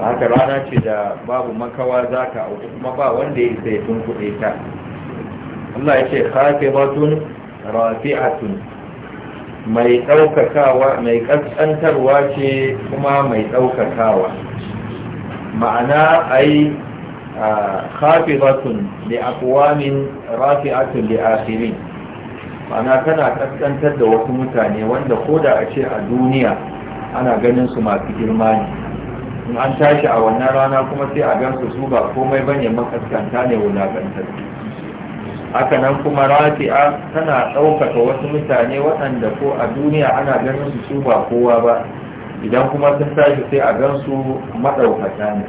haka rana ce da babu makawa za ka auku kuma ba wanda ya isa ya kuɗe ta Allah ya ce hafi batun rafi'atun mai ɗaukakawa mai ƙasƙantarwa ce kuma mai ɗaukakawa ma'ana ai hafi batun da akwamin rafi'atun da asirin ma'ana tana ƙasƙantar da wasu mutane wanda koda a ce a duniya ana ganin su masu girma ne in an tashi a wannan rana kuma sai a gan su ba komai bane makaskanta ne wulakantar haka nan kuma rafi'a tana ɗaukaka wasu mutane waɗanda ko a duniya ana ganin su su ba kowa ba idan kuma sun tashi sai a gansu maɗaukata ne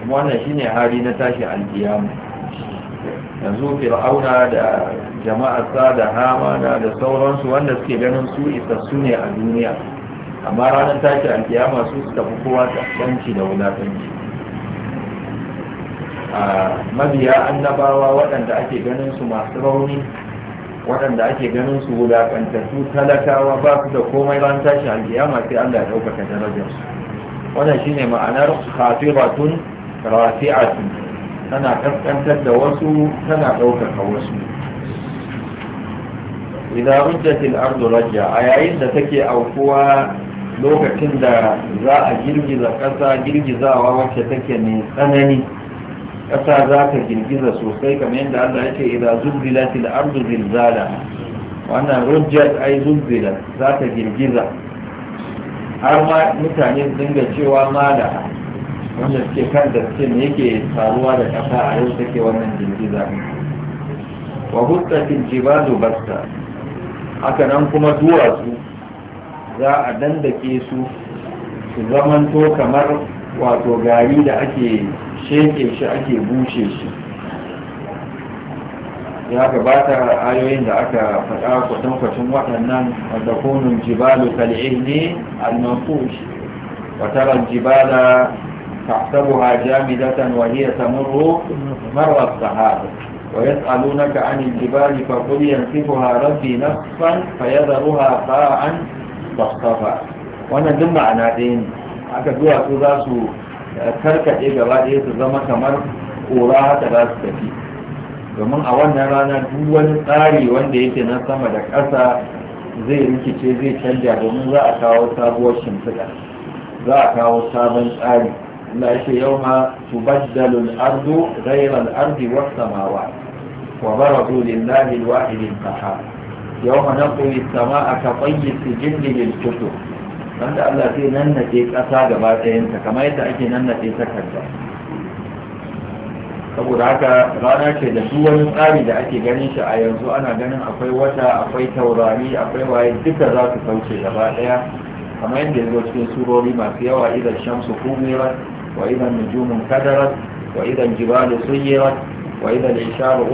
kuma wannan shine hali na tashi alkiyamu yanzu fir'auna da jama'arsa da hamana da sauransu wanda suke ganin su isassu ne a duniya amma ranar tashi kiyama su suka fi kowa tsanci da wulatanci a mabiya annabawa waɗanda ake ganin su masu rauni waɗanda ake ganin su wulaƙantattu talakawa ba su da komai ran tashi kiyama sai Allah ya ɗaukaka darajar su wannan shine ma'anar a su tana kaskantar da wasu tana ɗaukaka wasu idan rujjatil ardu rajja a yayin da take aukuwa lokacin da za a girgiza ƙasa girgizawa wacce take mai tsanani ƙasa za ta girgiza sosai kamar yadda Allah ya ce idan zulzilat al-ardu zilzala wannan rujjat ai zulzila za ta girgiza har ma mutane dinga cewa mala wanda suke kan da suke ne yake faruwa da ƙasa a yau take wannan girgiza wa huttatil jibalu basta haka nan kuma duwatsu za a dandake su su zamanto kamar wato gari da ake sheke shi ake bushe shi ya gabata ayoyin da aka faɗa kwatankwacin waɗannan wadda kunun jibalu kal'ihni al-manfush wa tara jibala تحسبها جامدة وهي تمر مر السحاب ويسألونك عن الجبال فقل ينصفها ربي نصفا فيذرها قاعا safafa wannan duk ma'ana ɗaya ne aka duwatsu za su eh, karkaɗe gaba ɗaya su zama kamar ƙura haka za su tafi domin a wannan rana duk wani tsari wanda yake na sama da ƙasa zai rikice zai canja domin za a kawo sabuwar shimfiɗa za a kawo sabon tsari Allah ya yau ma su al-ardu ghayra ardi was samawa wa baradu lillahi al-wahid al-qahhar yau ma nan koyi sama a kafai su jirgin kutu wanda Allah sai nannaɗe ƙasa gaba ɗayanta kamar yadda ake nannaɗe takarda saboda haka rana ce da duk tsari da ake ganin shi a yanzu ana ganin akwai wata akwai taurari akwai waye duka za su kauce gaba ɗaya kamar yadda ya zo cikin surori masu yawa idan shamsu kumirat wa idan nujumun kadarat wa idan jibalu suyirat wa idan isharu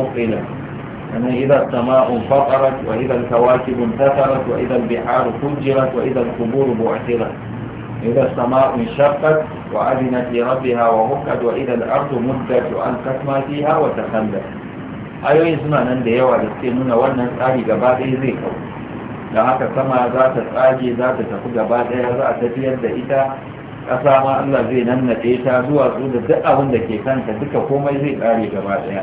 يعني إذا السماء انفطرت وإذا الكواكب انتثرت وإذا البحار فجرت وإذا القبور بعثرت إذا السماء انشقت وأذنت لربها وهكت وإذا الأرض مدت وألقت ما فيها وتخلت ayoyin suna nan da yawa da suke nuna wannan tsari gaba ɗaya zai kau da haka sama za ta tsage ƙasa ma Allah zai nannaɗe ta zuwa su da duk abin da ke kanta duka komai zai ƙare gaba ɗaya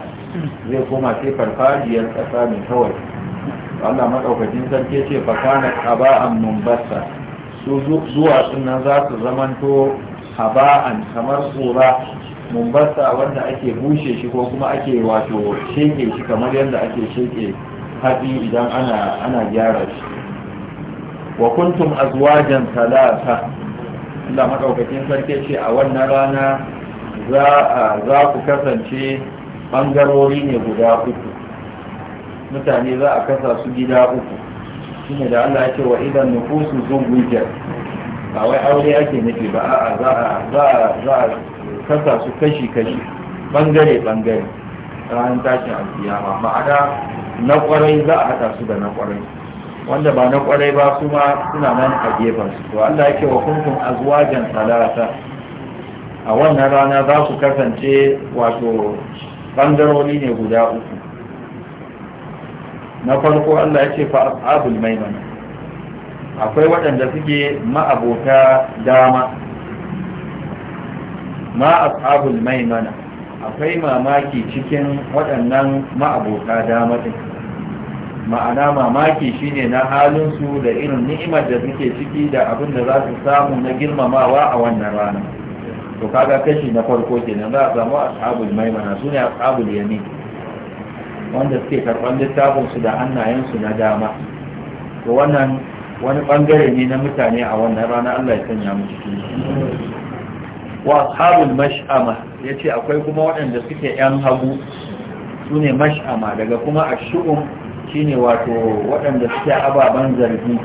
zai koma sai farfajiyar ƙasa ne kawai Allah maɗaukacin sarki ce fakana haba'an mumbasa su zuwa nan za su zamanto haba'an kamar tsura mumbasa wanda ake bushe shi ko kuma ake wato sheke shi kamar yadda ake sheke hatsi idan ana gyara shi wa kuntum azwajan talata da makaukacin sarki ce a wannan rana za ku kasance bangarori ne guda uku mutane za a kasa su gida uku shine da Allah ya ce wa idan nufusu gujiyar ba wai aure ake nufi ba a za a kasa su kashi-kashi bangare bangare ranar tashin alfiyama ma'ana na kwarai za a haɗa su da na kwarai wanda ba na kwarai ba kuma suna nan a gefen su to Allah yake wa kunkun azwajan talata a wannan rana za su kasance wato bangarori ne guda uku na farko Allah ya fa ashabul maiman akwai waɗanda suke ma'abota dama ma ashabul maimana akwai mamaki cikin waɗannan ma'abota dama din ma'ana mamaki shine na halin su da irin ni'imar da suke ciki da abin da za su samu na girmamawa a wannan rana to kaga kashi na farko kenan za a samu ashabul maimana su ne ashabul yamin wanda suke karɓar su da su na dama to wannan wani bangare ne na mutane a wannan rana Allah ya sanya mu cikin wa ashabul mash'ama yace akwai kuma waɗanda suke yan hagu su ne mash'ama daga kuma ashu'um shine wato waɗanda suke ababen zargi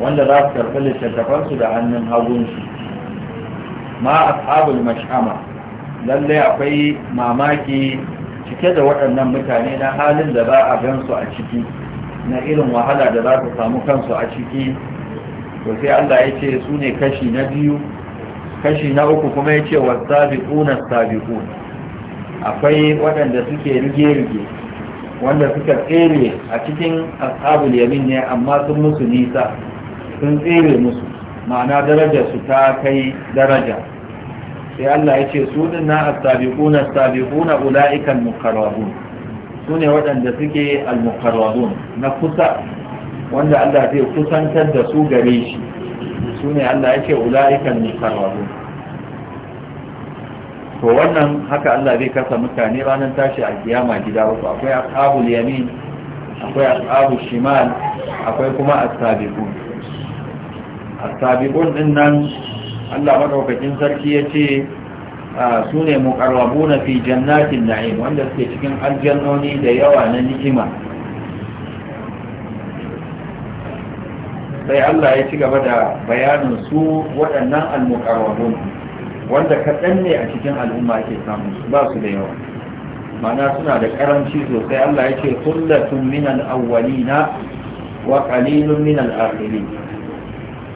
wanda za su karɓi littattafansu da hannun hagunsu ma ashabul mash'ama lalle akwai mamaki cike da waɗannan mutane na halin da za a gansu a ciki na irin wahala da za su samu kansu a ciki to sai Allah ya ce su ne kashi na biyu kashi na uku kuma ya ce na sabiqun akwai waɗanda suke rige-rige wanda suka tsere a cikin ashabul yamin ne amma sun musu nisa sun tsere musu ma'ana daraja su ta kai daraja sai Allah ya ce su din na as-sabiquna as-sabiquna ulaika al-muqarrabun su waɗanda suke al-muqarrabun na kusa wanda Allah zai kusantar da su gare shi sune Allah ya ce ulaika al-muqarrabun to wannan haka Allah zai kasa mutane ranar tashi a kiyama gida wasu akwai ashabul yamin akwai ashabul shimal akwai kuma as-sabiqun as-sabiqun nan Allah madaukakin sarki yace ah, su ne muqarrabuna fi jannatin na'im wanda suke cikin aljannoni da yawa na ni'ima sai Allah ya ci gaba da bayanin su waɗannan al-muqarrabun wanda kaɗan ne a cikin al'umma ke samu ba su da yawa mana suna da karanci sosai Allah ya ce kullatun min al-awwalina wa qalilun min al-akhirin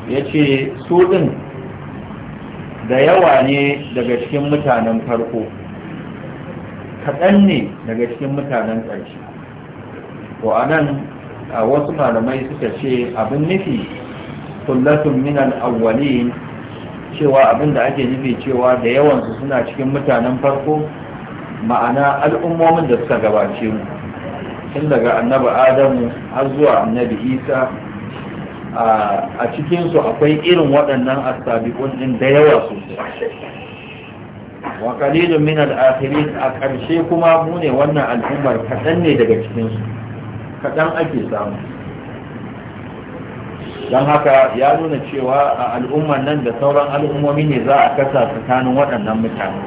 yace su din da yawa ne daga cikin mutanen farko kaɗan ne daga cikin mutanen ƙarshe ko anan a wasu malamai suka ce abin nufi kullatun min al-awwalin cewa abin da ake nufi cewa da yawansu suna cikin mutanen farko ma'ana al'ummomin da suka gabace mu tun daga annabi adamu har zuwa annabi isa a cikinsu akwai irin waɗannan astabiqun ɗin da yawa sosai wa Minal min al a ƙarshe kuma mu ne wannan al'ummar kaɗan ne daga cikinsu kaɗan ake samu don haka ya nuna cewa a al'umman nan da sauran al'ummomi ne za a kasa tsakanin waɗannan mutane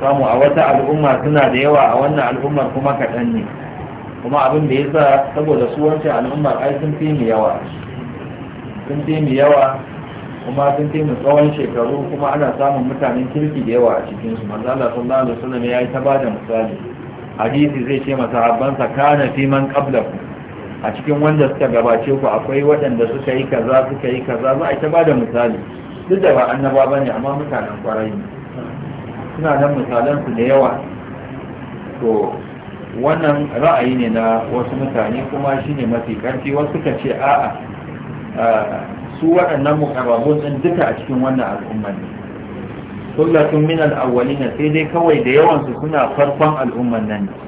samu a wata al'umma suna da yawa a wannan al'ummar kuma kaɗan ne kuma abin da ya sa saboda su wancan al'ummar ai sun fi mu yawa sun fi mu yawa kuma sun fi mu tsawon shekaru kuma ana samun mutanen kirki da yawa a cikin su manzo Allah sallallahu alaihi wasallam ya yi ta bada misali hadisi zai ce masa habbansa kana fi man qablakum a cikin wanda suka gabace ku akwai waɗanda suka yi kaza suka yi kaza za a ita ba da misali duk da ba annaba ba ne amma mutanen kwarai ne suna nan misalansu da yawa to wannan ra'ayi ne na wasu mutane kuma shi ne mafi karfi wasu suka ce a'a eh, su waɗannan mukarrabun ɗin duka a cikin wannan al'umma ne kullatun min al-awwalina sai dai kawai da yawan su suna farkon al'umman nan ne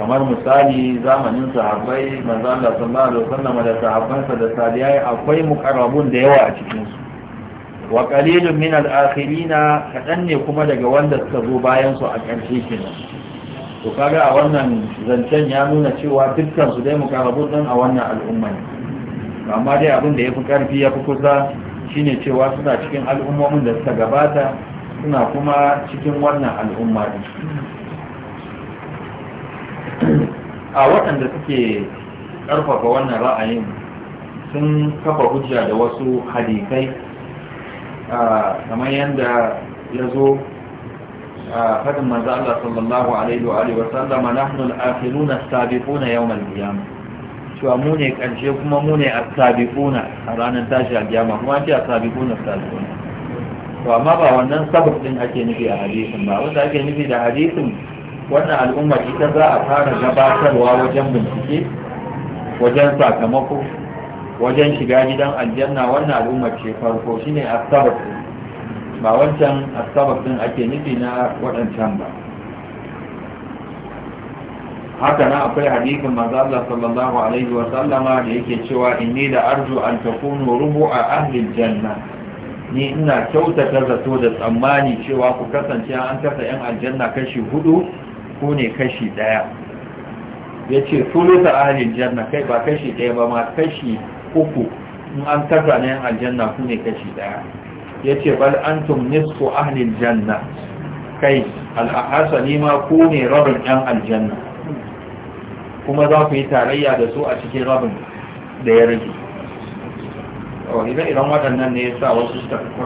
kamar misali zamanin sahabbai manzo Allah sallallahu alaihi wasallam da sahabbansa da saliyai akwai muqarrabun da yawa a cikin su wa qalilun min al-akhirina kadan ne kuma daga wanda suka zo bayan su a karshe kenan to kaga a wannan zancen ya nuna cewa dukkan su dai muqarrabun din a wannan al'umma ne amma dai abin da yafi karfi yafi kusa shine cewa suna cikin al'ummomin da suka gabata suna kuma cikin wannan al'umma a waɗanda suke ƙarfafa wannan ra'ayin sun kafa hujja da wasu hadisai kamar yadda ya zo a faɗin manzo Allah sallallahu alaihi wa alihi wa sallama nahnu al-akhiruna as-sabiquna yawm al-qiyamah cewa mu ne ƙarshe kuma mu ne as-sabiquna a ranar tashi al-qiyama kuma ce as-sabiquna as-sabiquna to amma ba wannan sabab din ake nufi a hadisin ba wanda ake nufi da hadisin wannan al'umma ita za a fara gabatarwa wajen bincike wajen sakamako wajen shiga gidan aljanna wannan al'ummar ce farko shine asabar ba wancan asabar din ake nufi na waɗancan ba haka na akwai hadisin manzo Allah sallallahu alaihi wa sallama da yake cewa inni da arju an takunu rubu'a ahli aljanna ni ina kyautata zato da tsammani cewa ku kasance an kasa yan aljanna kashi hudu ku ne kashi daya ya ce sulusa ahalin janna kai ba kashi ɗaya ba ma kashi uku in an tarra na yan aljanna ku ne kashi daya ya ce bal antum nisfu ahalin janna kai al'ahasa ma ku ne rabin yan aljanna kuma za ku yi tarayya da su a cikin rabin da ya rage oh, irin waɗannan ne ya sa wasu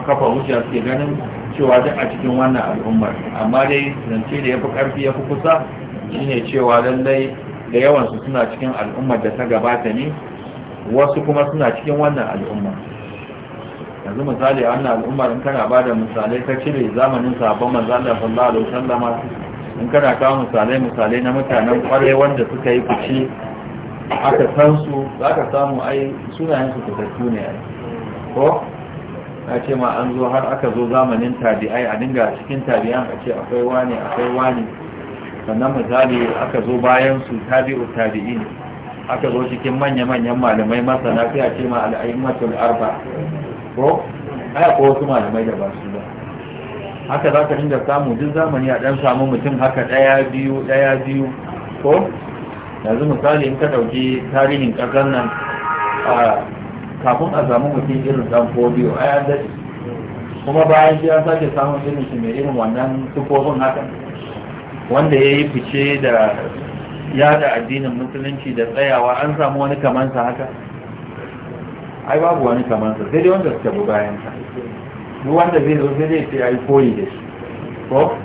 kafa wujar ke ganin cewa duk a cikin wannan al'ummar amma dai zance da ya fi ƙarfi ya fi kusa shine cewa lallai da yawansu suna cikin al'ummar da ta gabata ne wasu kuma suna cikin wannan al'umma yanzu misali a wannan al'ummar in kana ba da misalai ka cire zamanin sabon manzan sallallahu alaihi in kana kawo misalai misalai na mutanen kwarai wanda suka yi fice aka san su za ka samu ai sunayen su fitattu ne ko na ce ma an zo har aka zo zamanin tabi'ai a dinga cikin tabi'an a ce akwai wani akwai wani sannan misali aka zo bayan su tabi'u tabi'in aka zo cikin manya-manyan malamai masana sai a ce ma al'ayyumatul arba ko aya ko wasu malamai da ba su ba haka za ka dinga samu duk zamani a dan samu mutum haka daya biyu daya biyu ko yanzu misali in ka dauki tarihin kasar nan a kafin a samu mutum irin dan biyu, ai an daɗe kuma bayan shi an sake samun irin shi mai irin wannan sufofin haka wanda ya yi fice da yada addinin musulunci da tsayawa an samu wani kamansa haka ai babu wani kamansa sai dai wanda suke bayan sa duk wanda zai zo sai dai sai ai koyi da shi ko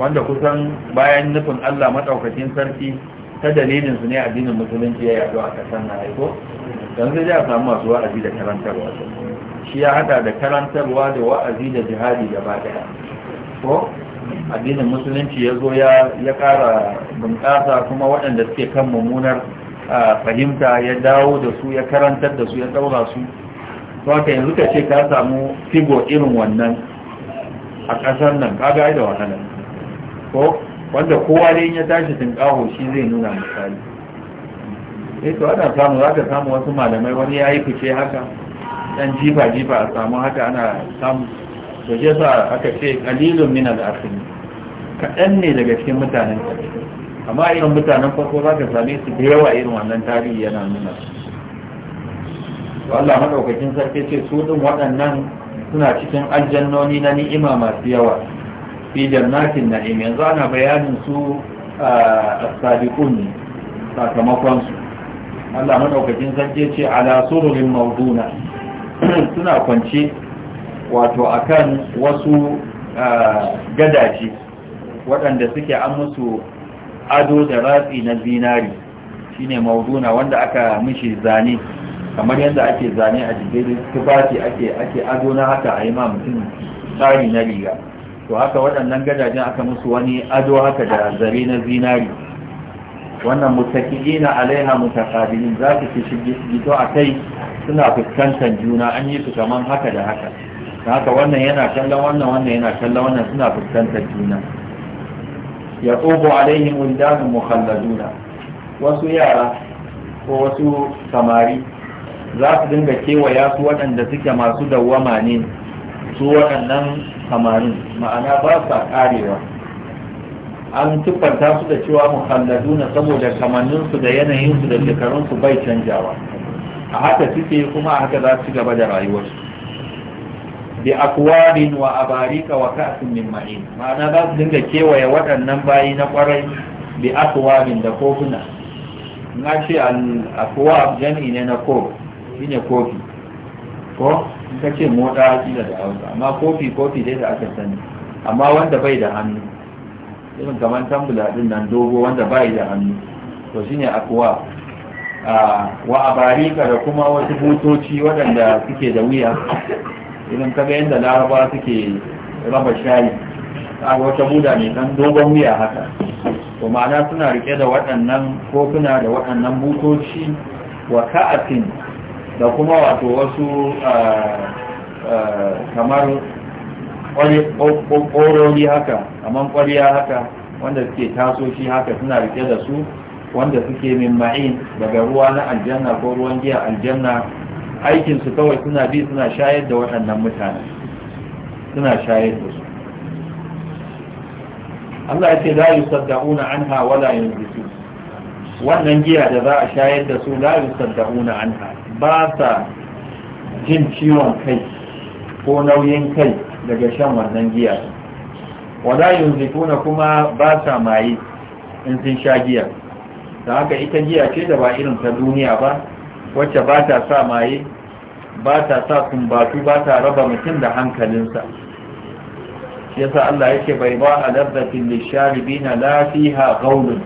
wanda kusan bayan nufin Allah madaukakin sarki ta dalilin su ne addinin musulunci ya yaɗu a ƙasar na ko don sai ya samu masu wa'azi da karantarwa shi ya hada da karantarwa da wa'azi da jihadi gaba daya ko addinin musulunci ya zo ya kara bunƙasa kuma waɗanda suke kan mummunar fahimta ya dawo da su ya karantar da su ya ɗaura su to haka yanzu ka ce ka samu figo irin wannan a ƙasar nan ka ga da wahala ko wanda kowa dai ya tashi tunƙaho shi zai nuna misali eh to ana samu za ka samu wasu malamai wani ya yi fice haka dan jifa jifa a samu haka ana samu to je sa aka ce kalilun min al-akhir kaɗan ne daga cikin mutanen amma irin mutanen farko za ka same su da yawa irin wannan tarihi yana nuna Allah madaukakin sarki ce su din waɗannan suna cikin aljannoni na ni'ima masu yawa fi jannatin na'im yanzu ana bayanin su a ah, sadiqun sakamakon su Allah madaukakin sarki ce ala sururin mauduna suna kwance wato akan wasu gadaji waɗanda suke an musu ado da ratsi na zinari shine mauduna wanda aka mishi zane kamar yadda ake zane a jikin tufafi ake ake ado na haka a yi ma mutum tsari na riga to haka waɗannan gadajen aka musu wani ado haka da zare na zinari wannan mutaki'ina alaiha mutaqabilin za su fi gito a kai suna fuskantar juna an yi su kaman haka da haka haka wannan yana kallon wannan wannan yana kallon wannan suna fuskantar juna ya tsobo alaihim wuldanu mukhalladuna wasu yara ko wasu samari za su dinga kewaya su waɗanda suke masu dawwama ne su waɗannan samarin ma'ana ba sa karewa. an tuffanta su da cewa na saboda kamanninsu da yanayinsu da shekarunsu bai canjawa a haka suke kuma a haka za su gaba da rayuwarsu bi akwarin wa abarika wa ka'sin min ma'in ma'ana za su dinga kewaye waɗannan bayi na kwarai bi akwarin da kofuna na ce al-akwab jami'i ne na kofi shine kofi ko in ka ce moda kila da hausa amma kofi kofi dai da aka sani amma wanda bai da hannu irin kamar tambula din nan dogo wanda bai da hannu to shine akwa wa abarika da kuma wasu butoci waɗanda suke da wuya idan kaga yadda laraba suke raba shayi a wata buda mai dan dogon wuya haka to ma'ana suna rike da waɗannan kofuna da waɗannan butoci wa ka'atin da kuma wato wasu kamar ƙoroli haka kamar ƙwariya haka wanda suke taso shi haka suna rike da su wanda suke min ma'in daga ruwa na aljanna ko ruwan giya aljanna aikinsu kawai suna bi suna shayar da waɗannan mutane suna shayar da su Allah ya ce la yusaddauna anha wala yunzisu wannan giya da za a shayar da su la yusaddauna anha ba sa jin ciwon kai ko nauyin kai daga shan wannan giya wala yunzifuna kuma ba sa maye in sun sha giya da haka ita giya ce da ba irin ta duniya ba wacce ba ta sa maye ba ta sa kumbatu ba ta raba mutum da hankalinsa shi yasa Allah yake bai ba a labbatin na la fiha gaulun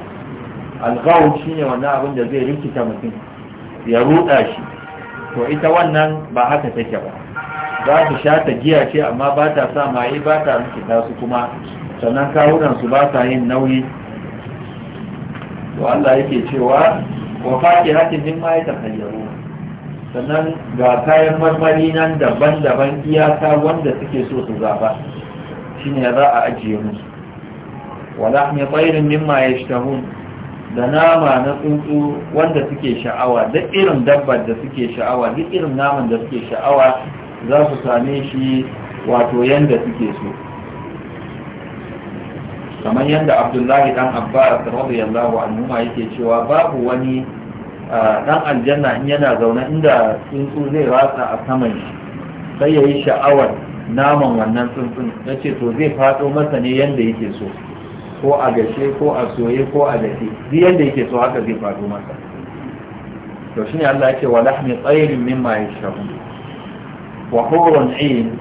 algaul shine wannan abin da zai rikita mutum ya ruɗa shi to ita wannan ba haka take ba za su sha ta giya ce amma ba ta sa maye ba ta rikita su kuma sannan kawunan su ba sa yin nauyi to Allah yake cewa wa faƙi hakin min ma ta tafayyaru sannan ga kayan marmari nan daban-daban iyaka wanda suke so su zaba shine za a ajiye mu? wala mai tsairin mimma ya da nama na tsuntsu wanda suke sha'awa duk irin dabbar da suke sha'awa duk irin naman da suke sha'awa za su same shi wato yanda suke so kamar yadda abdullahi dan abbas radiyallahu anhu yake cewa babu wani dan aljanna in yana zaune inda tsuntsu zai rasa a saman shi sai yayi sha'awar naman wannan tsuntsun yace to zai fado masa ne yanda yake so ko a gashe ko a soye ko a dafe duk yanda yake so haka zai fado masa to shine Allah yake wa lahmi tsayrin mimma yashrabun wa hurun in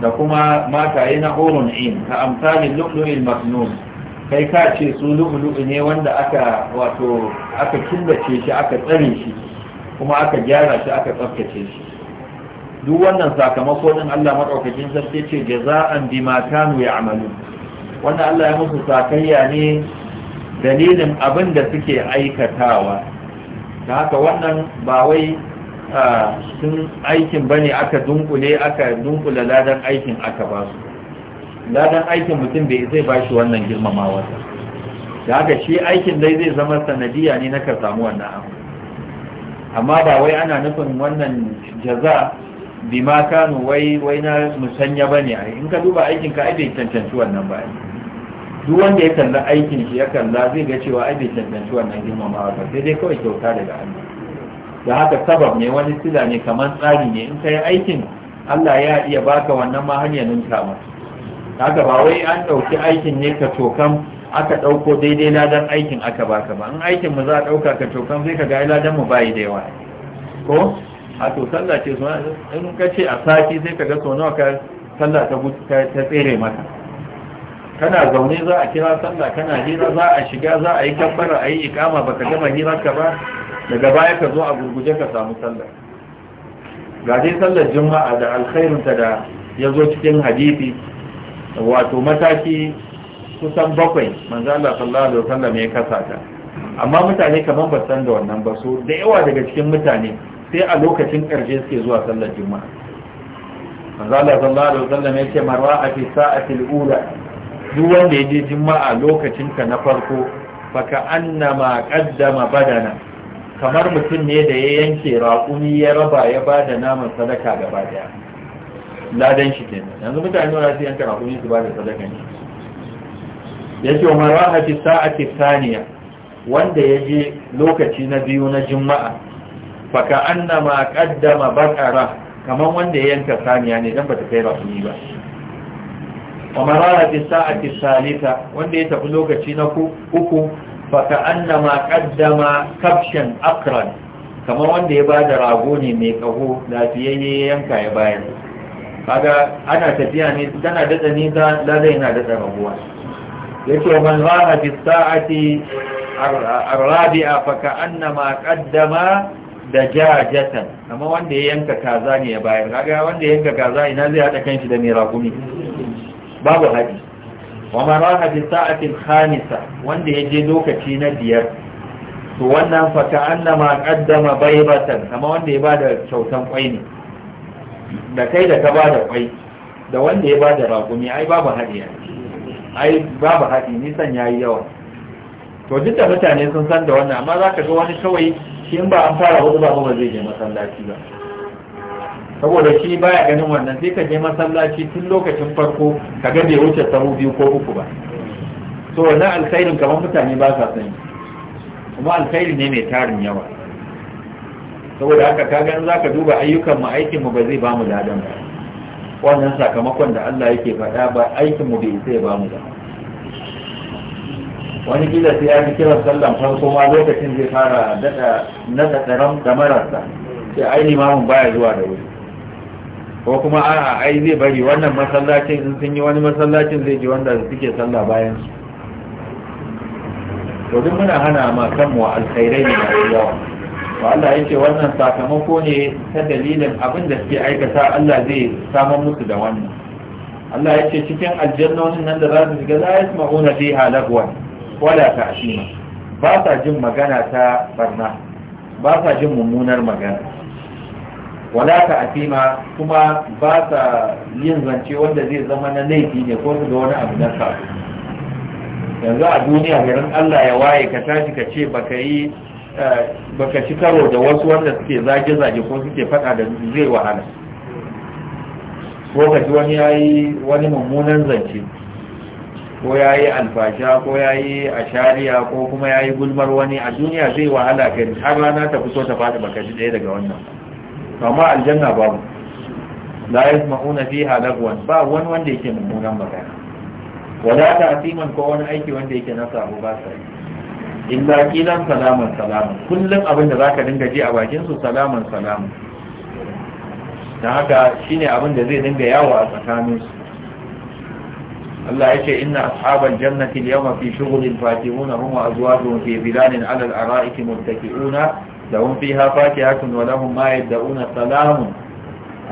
da kuma mataye na hurun in ka amsalin kai ka ce su lu'lu'u ne wanda aka wato aka killace shi aka tsare shi kuma aka gyara shi aka tsaftace shi duk wannan sakamako din Allah madaukakin sarki ce jaza'an bima kanu ya'malu wannan Allah ya musu sakayya ne dalilin abin da suke aikatawa da haka wannan ba wai sun aikin bane aka dunkule aka dunkula ladan aikin aka ba su ladan aikin mutum bai zai ba shi wannan girmamawa da haka shi aikin dai zai zama sanadiya ne na ka samu wannan abu amma ba wai ana nufin wannan jaza bima kanu wai wai na musanya bane ai in ka duba aikin ka ai bai cancanci wannan ba duk wanda ya kalla aikin shi ya kalla zai ga cewa ai bai cancanci wannan girmamawa ba sai dai kawai kyauta daga Allah da haka sabab ne wani sila ne kamar tsari ne in kai aikin Allah ya iya baka wannan ma hanyar ninka masa haka ba wai an ɗauki aikin ne ka tokan aka ɗauko daidai ladan aikin aka baka ba in aikin mu za a ɗauka ka tokan sai ka ga ladan mu bayi da yawa ko a to sallah ce su in ka ce a sati sai ka ga sau nawa ka sallah ta ta tsere maka kana zaune za a kira sallah kana hira za a shiga za a yi kabbara a yi ikama baka gama hirar ka ba daga baya ka zo a gurguje ka samu sallar ga dai sallar juma'a da alkhairunta da ya zo cikin hadisi wato mataki kusan bakwai manzo Allah sallallahu alaihi wasallam ya kasa ta amma mutane kaman ba san da wannan ba so da yawa daga cikin mutane sai a lokacin karje suke zuwa sallar juma'a manzo Allah sallallahu alaihi wasallam ya ce marwa fi sa'atil ula duk wanda ya je juma'a lokacin ka na farko faka annama qaddama badana kamar mutum ne da ya yanke raƙumi ya raba ya ba da naman sadaka gaba daya ladan shi kenan yanzu mutane wani su yanke raƙumi su ba da sadakan shi ya ce wa maraha fi sa'ati saniya wanda ya je lokaci na biyu na juma'a faka annama ma bakara kamar wanda ya yanke saniya ne don ba ta kai raƙumi ba wa maraha fi sa'ati salita wanda ya tafi lokaci na uku faka annama kaddama kafshan akran kamar wanda ya bada rago ne mai kaho ya yanka ya bayar kaga ana tafiya ne tana da nisa lada yana dada rabuwa yace man raha fi sa'ati ar-rabi'a fa ka'annama qaddama dajajatan amma wanda ya yanka kaza ne ya bayar kaga wanda ya yanka kaza ina zai hada kanshi da mai rakumi babu hadisi wa maraha bi sa'atin khamisa wanda yaje lokaci na biyar to wannan fa ka annama qaddama baybatan kama wanda ya bada kyautan kwai ne da kai da ka bada kwai da wanda ya bada raƙumi ai babu haɗi ai babu haɗi nisan yayi yawa to duk da mutane sun san da wannan amma zaka ga wani kawai shi in ba an fara wani ba ba zai je masallaci ba saboda shi baya ganin wannan sai ka je masallaci tun lokacin farko ka ga bai wuce sahu biyu ko uku ba so wannan alkhairin kamar mutane ba sa sani kuma alkhairi ne mai tarin yawa saboda haka ka ganin zaka duba ayyukan mu aikin mu ba zai ba mu ladan ba wannan sakamakon da Allah yake faɗa ba aikin mu bai sai ba mu ba wani kila sai ya ji kiran sallan farko ma lokacin zai fara daɗa ɗaɗa da marasa, sai ainihin mamun baya zuwa da wuri ko kuma a ai zai bari wannan masallacin in sun yi wani masallacin zai ji wanda suke sallah bayan su to duk muna hana ma kanmu alkhairai ne masu yawa to Allah ya wannan sakamako ne ta dalilin abin da suke aikata Allah zai samar musu da wannan Allah ya ce cikin aljannonin nan da za su shiga la ma'una fi lagwan wala ta'shima ba sa jin magana ta barna ba sa jin mummunar magana wala ta asima kuma ba sa yin zance wanda zai zama na laifi ne ko su da wani abu na sa yanzu a duniya garin Allah ya waye ka tashi ka ce baka yi eh, baka ci karo da wasu wanda suke zage-zage ko suke faɗa da zai wahala ko ka ji wani yayi wani mummunan zance ko ya alfasha ko ya yi ashariya ko kuma ya gulmar wani a duniya zai wahala kai har rana ta fito ta faɗi baka ji ɗaya daga wannan amma aljanna babu la yasma'una fiha lagwan ba wani wanda yake mummunan magana wala ta asiman ko wani aiki wanda yake na sabo ba sa illa kilan salaman salaman kullum abin da zaka dinga ji a bakin su salaman salaman dan haka shine abin da zai dinga yawo a tsakanin su Allah ya ce inna ashabal jannati al-yawma fi shughulin fakihuna hum wa azwajuhum fi bilanin 'ala al-ara'iki muttaki'una lahum fiha fakihatun wa lahum ma yad'una salamun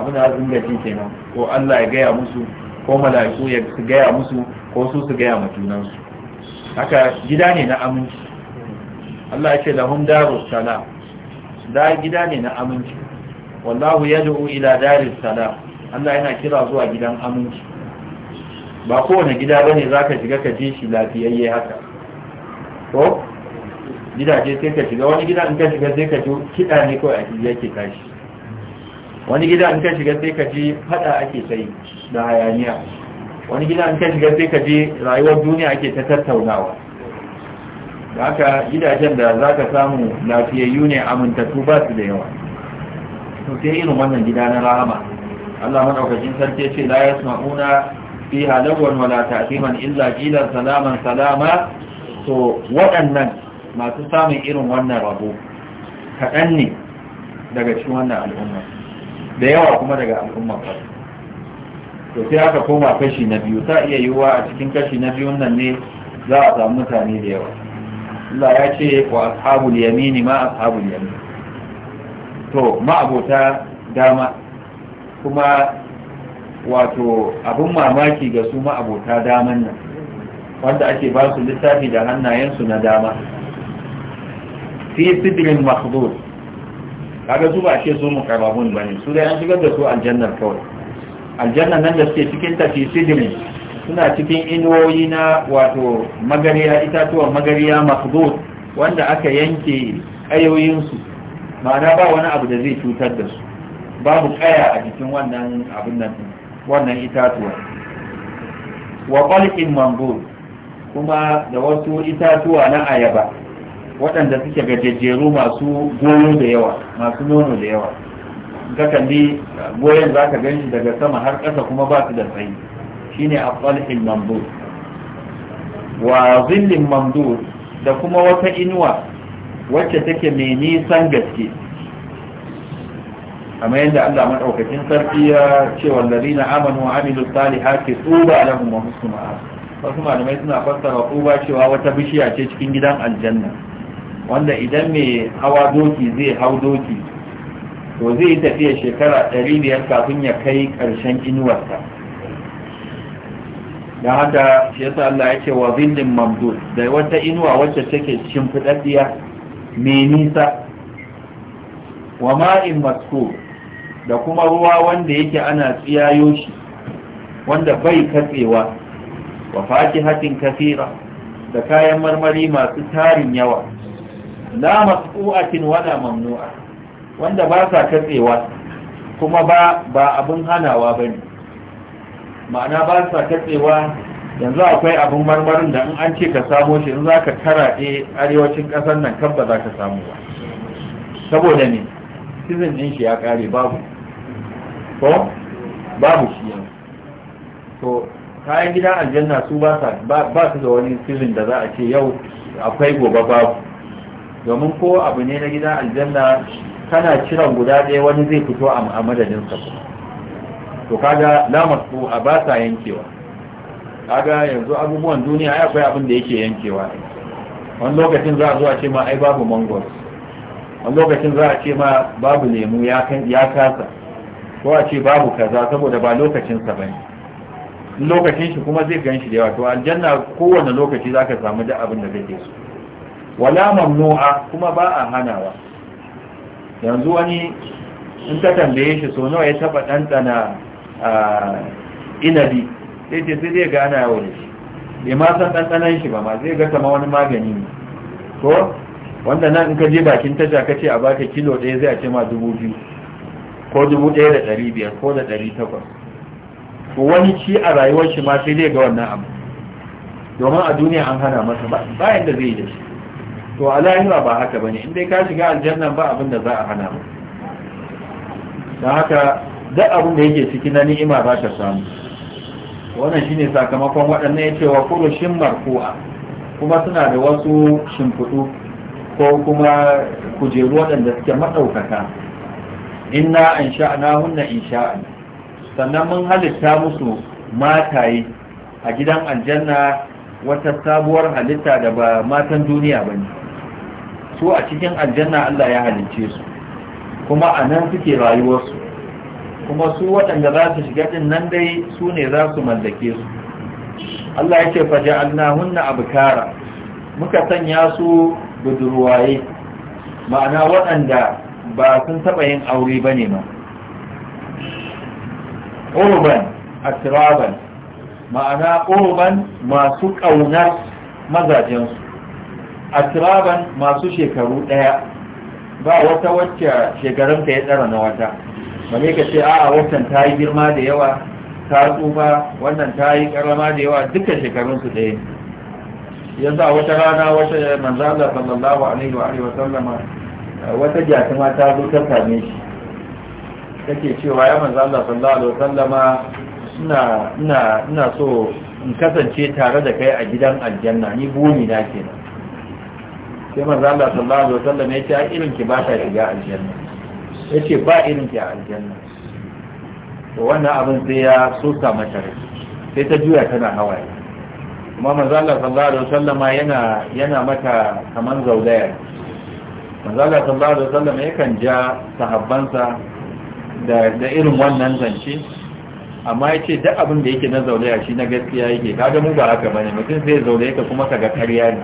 abin da zan gaji kenan ko Allah ya gaya musu ko mala'iku ya gaya musu ko su su gaya matunan su haka gida ne na aminci Allah ya ce lahum darus salam da gida ne na aminci wallahu yad'u ila daris salam Allah yana kira zuwa gidan aminci ba kowane gida bane zaka shiga ka je shi lafiyayye haka ko gidaje sai ka shiga wani gida in ka shiga sai ka ji kiɗa ne kawai a yake tashi wani gida in ka shiga sai ka ji fada ake sai da hayaniya wani gida in ka shiga sai ka ji rayuwar duniya ake ta tattaunawa da haka gidajen da za ka samu lafiyayyu ne amintattu ba su da yawa to sai irin wannan gida na rahama Allah madaukakin sarki ce la yasma'una fiha lagwan wala ta'siman illa qilan salaman salama to waɗannan masu samun irin wannan rabo kaɗan ne daga cikin wannan al'umma da yawa kuma daga al'umma farko to sai aka koma kashi na biyu ta iya yiwuwa a cikin kashi na biyun nan ne za a samu mutane da yawa Allah ya ce wa ashabul yamini ma ashabul yamini to ma abota dama kuma wato abin mamaki ga su ma abota daman nan wanda ake ba su littafi da hannayensu na dama fi sidrin mahdud kaga su ba ce su mukarrabun bane su dai an shigar da su aljannar kawai aljannar nan da suke cikin ta fi sidrin suna cikin inuwoyi na wato magariya itatuwa magariya mahdud wanda aka yanke ayoyinsu ma'ana ba wani abu da zai cutar da su babu kaya a jikin wannan abin nan wannan itatuwa wa qalqin mangur kuma da wasu itatuwa na ayaba waɗanda suke gajejjeru masu goyo da yawa masu nono da yawa ka kalli goyon za ka gan daga sama har ƙasa kuma ba su da tsayi shine afalhin mamdud wa zillin mamdud da kuma wata inuwa wacce take mai nisan gaske amma yadda Allah madaukakin sarki ya ce wallazina amanu wa amilu salihati tuba lahum wa husnu wasu malamai suna fassara tuba cewa wata bishiya ce cikin gidan aljanna wanda idan mai hawa doki zai hau doki to zai yi tafiya shekara ɗari biyar kafin ya kai ƙarshen inuwarsa da haka shi yasa Allah ya ce wa zillin mamdud da wata inuwa wacce take shimfiɗaɗɗiya mai nisa wa ma'in masko da kuma ruwa wanda yake ana tsiyayo shi wanda bai katsewa wa faki hakin kafira da kayan marmari masu tarin yawa la mas'u'atin wala mamnu'a wanda ba sa katsewa kuma ba ba abin hanawa bane ma'ana ba sa katsewa yanzu akwai abin marmarin da in an ce ka samo shi in zaka ka arewacin kasar nan kan ba za ka samu ba saboda ne sizin din shi ya ƙare babu ko babu shi yanzu to kayan gidan aljanna su ba su da wani sizin da za a ce yau akwai gobe babu domin ko abu ne na gidan aljanna kana kiran guda ɗaya wani zai fito a madadin sa to kaga lamarsu a ba sa yankewa kaga yanzu abubuwan duniya ai akwai abin da yake yankewa wani lokacin za a zo a ce ma ai babu mangos wani lokacin za a ce ma babu lemu ya kasa ko a ce babu kaza saboda ba lokacinsa ba ne lokacin shi kuma zai gan shi da yawa to aljanna kowane lokaci za ka samu duk abin da kake so wala mamnu'a kuma ba a hanawa yanzu wani in ta tambaye shi so nawa ya taba ɗanɗana inabi sai ce sai zai gana yawo da shi bai ma san ɗanɗanan shi ba ma zai ga kama wani magani ne ko wanda nan in ka je bakin tasha ka ce a baka kilo ɗaya zai a ce ma dubu biyu ko dubu ɗaya da ɗari biyar ko da ɗari takwas ko wani ci a rayuwar shi ma sai zai ga wannan abu domin a duniya an hana masa ba yadda zai yi da shi to a lahira ba haka bane in dai ka shiga aljanna ba abin da za a hana ba. don haka duk abin da yake ciki na ni'ima za ka samu wannan shine sakamakon waɗannan ya ce wa kurushin marfu'a kuma suna da wasu shimfiɗu ko kuma kujeru waɗanda suke maɗaukaka inna an sha'ana hunna in sha'ana sannan mun halitta musu mataye a gidan aljanna wata sabuwar halitta da ba matan duniya ba ne su a cikin aljanna Allah ya halicce su kuma a nan suke rayuwarsu kuma su waɗanda za su shiga ɗin nan dai su ne za su mallake su Allah ya ce faje annahunna abkara muka sanya su budurwaye ma'ana waɗanda ba sun taɓa yin aure ba ne ma urban atraban ma'ana urban masu ƙaunar mazajensu A turaban masu shekaru ɗaya ba wata wacce shekarunta ya tsara na wata bane ka ce a watan ta yi girma da yawa ta tsufa wannan ta yi karama da yawa dukkan shekarunsu ɗaya yanzu a wata rana wata manzala sallallahu alaihi wa alihi wa sallama wata jatuma ta zo ta same shi take cewa ya manzala sallallahu alaihi wa sallama ina ina ina so in kasance tare da kai a gidan aljanna ni buni na kenan sai manzo Allah sallallahu alaihi wasallam yace a irin ki ba ta shiga aljanna yace ba irin ki a aljanna to wannan abin sai ya soka mata rai sai ta juya tana hawaye kuma manzo Allah sallallahu alaihi wasallama yana yana mata kaman zaudaya manzo Allah sallallahu alaihi ya yakan ja sahabbansa da da irin wannan zance amma ya ce duk abin da yake na zaune shi na gaskiya yake kaga mu ba haka bane mutum sai zaune ka kuma kaga karya ne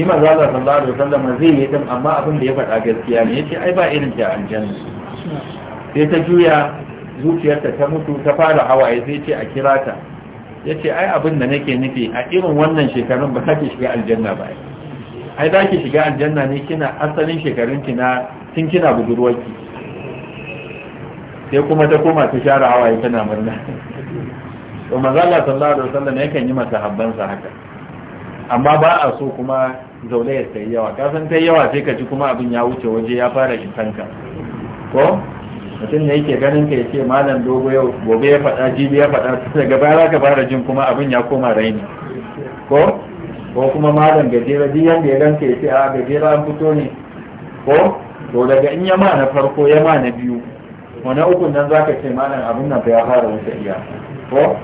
shi manzo Allah sallallahu da sallama zai yi din amma abin da ya faɗa gaskiya ne ce, ai ba irin ta aljanna sai ta juya zuciyarta ta mutu ta fara hawaye sai ce a kira ta yace ai abin da nake nufi a irin wannan shekarun ba ki shiga aljanna ba ai za ki shiga aljanna ne kina asalin shekarun na tun kina ki sai kuma ta koma ta share hawaye tana murna to manzo Allah sallallahu alaihi wasallam yakan yi masa sa haka amma ba a so kuma zaune ya sai yawa kasan ta yi yawa sai ka ji kuma abin ya wuce waje ya fara tanka ko mutum ne yake ganin ka yace malam dogo yau gobe ya faɗa jibi ya faɗa daga baya za ka fara jin kuma abin ya koma raini ko ko kuma malam gajera duk yanda ya ganka yace a gajera an fito ne ko to daga in ya ma na farko ya ma na biyu wani uku nan za ka ce malam abin nan ya fara wuce iya ko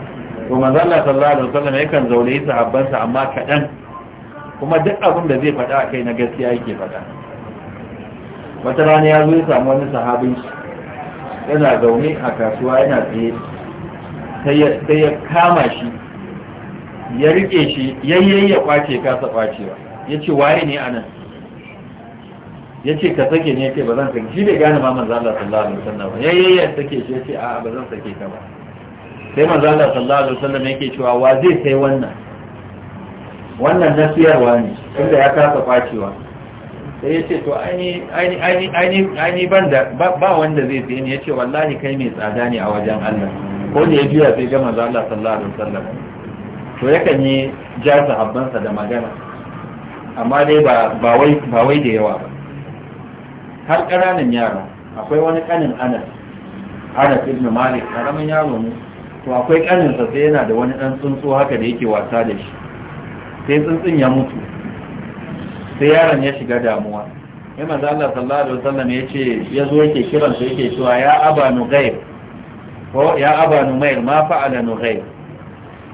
to manzon Allah sallallahu alaihi wasallam yakan zaune sahabbansa amma kaɗan kuma duk abin da zai faɗa a kai na gaskiya yake faɗa wata rana ya zo ya samu wani sahabin shi yana zaune a kasuwa yana tsaye sai ya kama shi ya rike shi yayyayi ya kwace kasa kwacewa ya ce waye ne anan ya ce ka sake ne ya ce ba zan sake shi bai gane ma manzan Allah sallallahu alaihi wasallam yayyayi ya sake shi ya ce a'a ba zan sake ka ba sai manzan Allah sallallahu alaihi wasallam yake cewa wa zai sai wannan wannan na siyarwa ne inda ya kasa kwacewa sai ya ce to aini ba wanda zai fi ne ya ce wallahi kai mai tsada ne a wajen Allah ko da ya biya sai gama za Allah sallallahu alaihi to to yakan yi ja sahabbansa da magana amma dai ba wai da yawa ba har ƙananan yara akwai wani ƙanin anas anas ibn malik ƙaramin yaro ne to akwai ƙaninsa sai yana da wani ɗan tsuntsu haka da yake wasa da shi sai tsuntsun ya mutu sai yaron ya shiga damuwa ya manzo Allah sallallahu alaihi wasallam ya ce ya zo yake kiran su yake cewa ya aba nugayr ko ya aba numayr ma fa'ala nugayr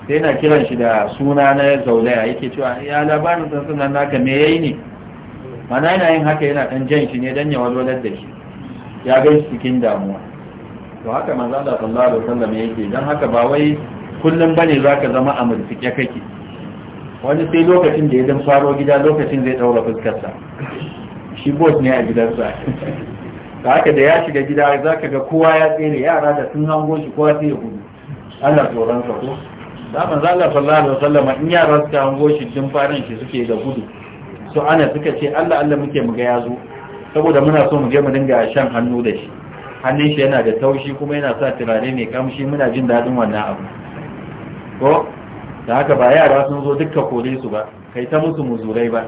sai na kiran shi da suna na zaulaya yake cewa ya labarin tsuntsun nan naka me yayi ne mana yana yin haka yana dan jan shi ne dan ya walwalar da shi ya ga cikin damuwa to haka manzo Allah sallallahu alaihi wasallam yake dan haka ba wai kullum bane zaka zama amurtike kake wani sai lokacin da ya dan faro gida lokacin zai daura fuskarsa shi boss ne a gidansa da haka da ya shiga gida za ka ga kowa ya tsere yara da sun hango shi kowa sai ya gudu ana tsoron sa ko da manzo Allah sallallahu alaihi wasallam in yara suka hango shi din farin shi suke da gudu Su ana suka ce Allah Allah muke mu ga yazo saboda muna so mu je mu dinga shan hannu da shi hannun shi yana da taushi kuma yana sa tunani mai kamshi muna jin dadin wannan abu ko da haka ba yara sun zo dukka kore su ba kai ta musu muzurai ba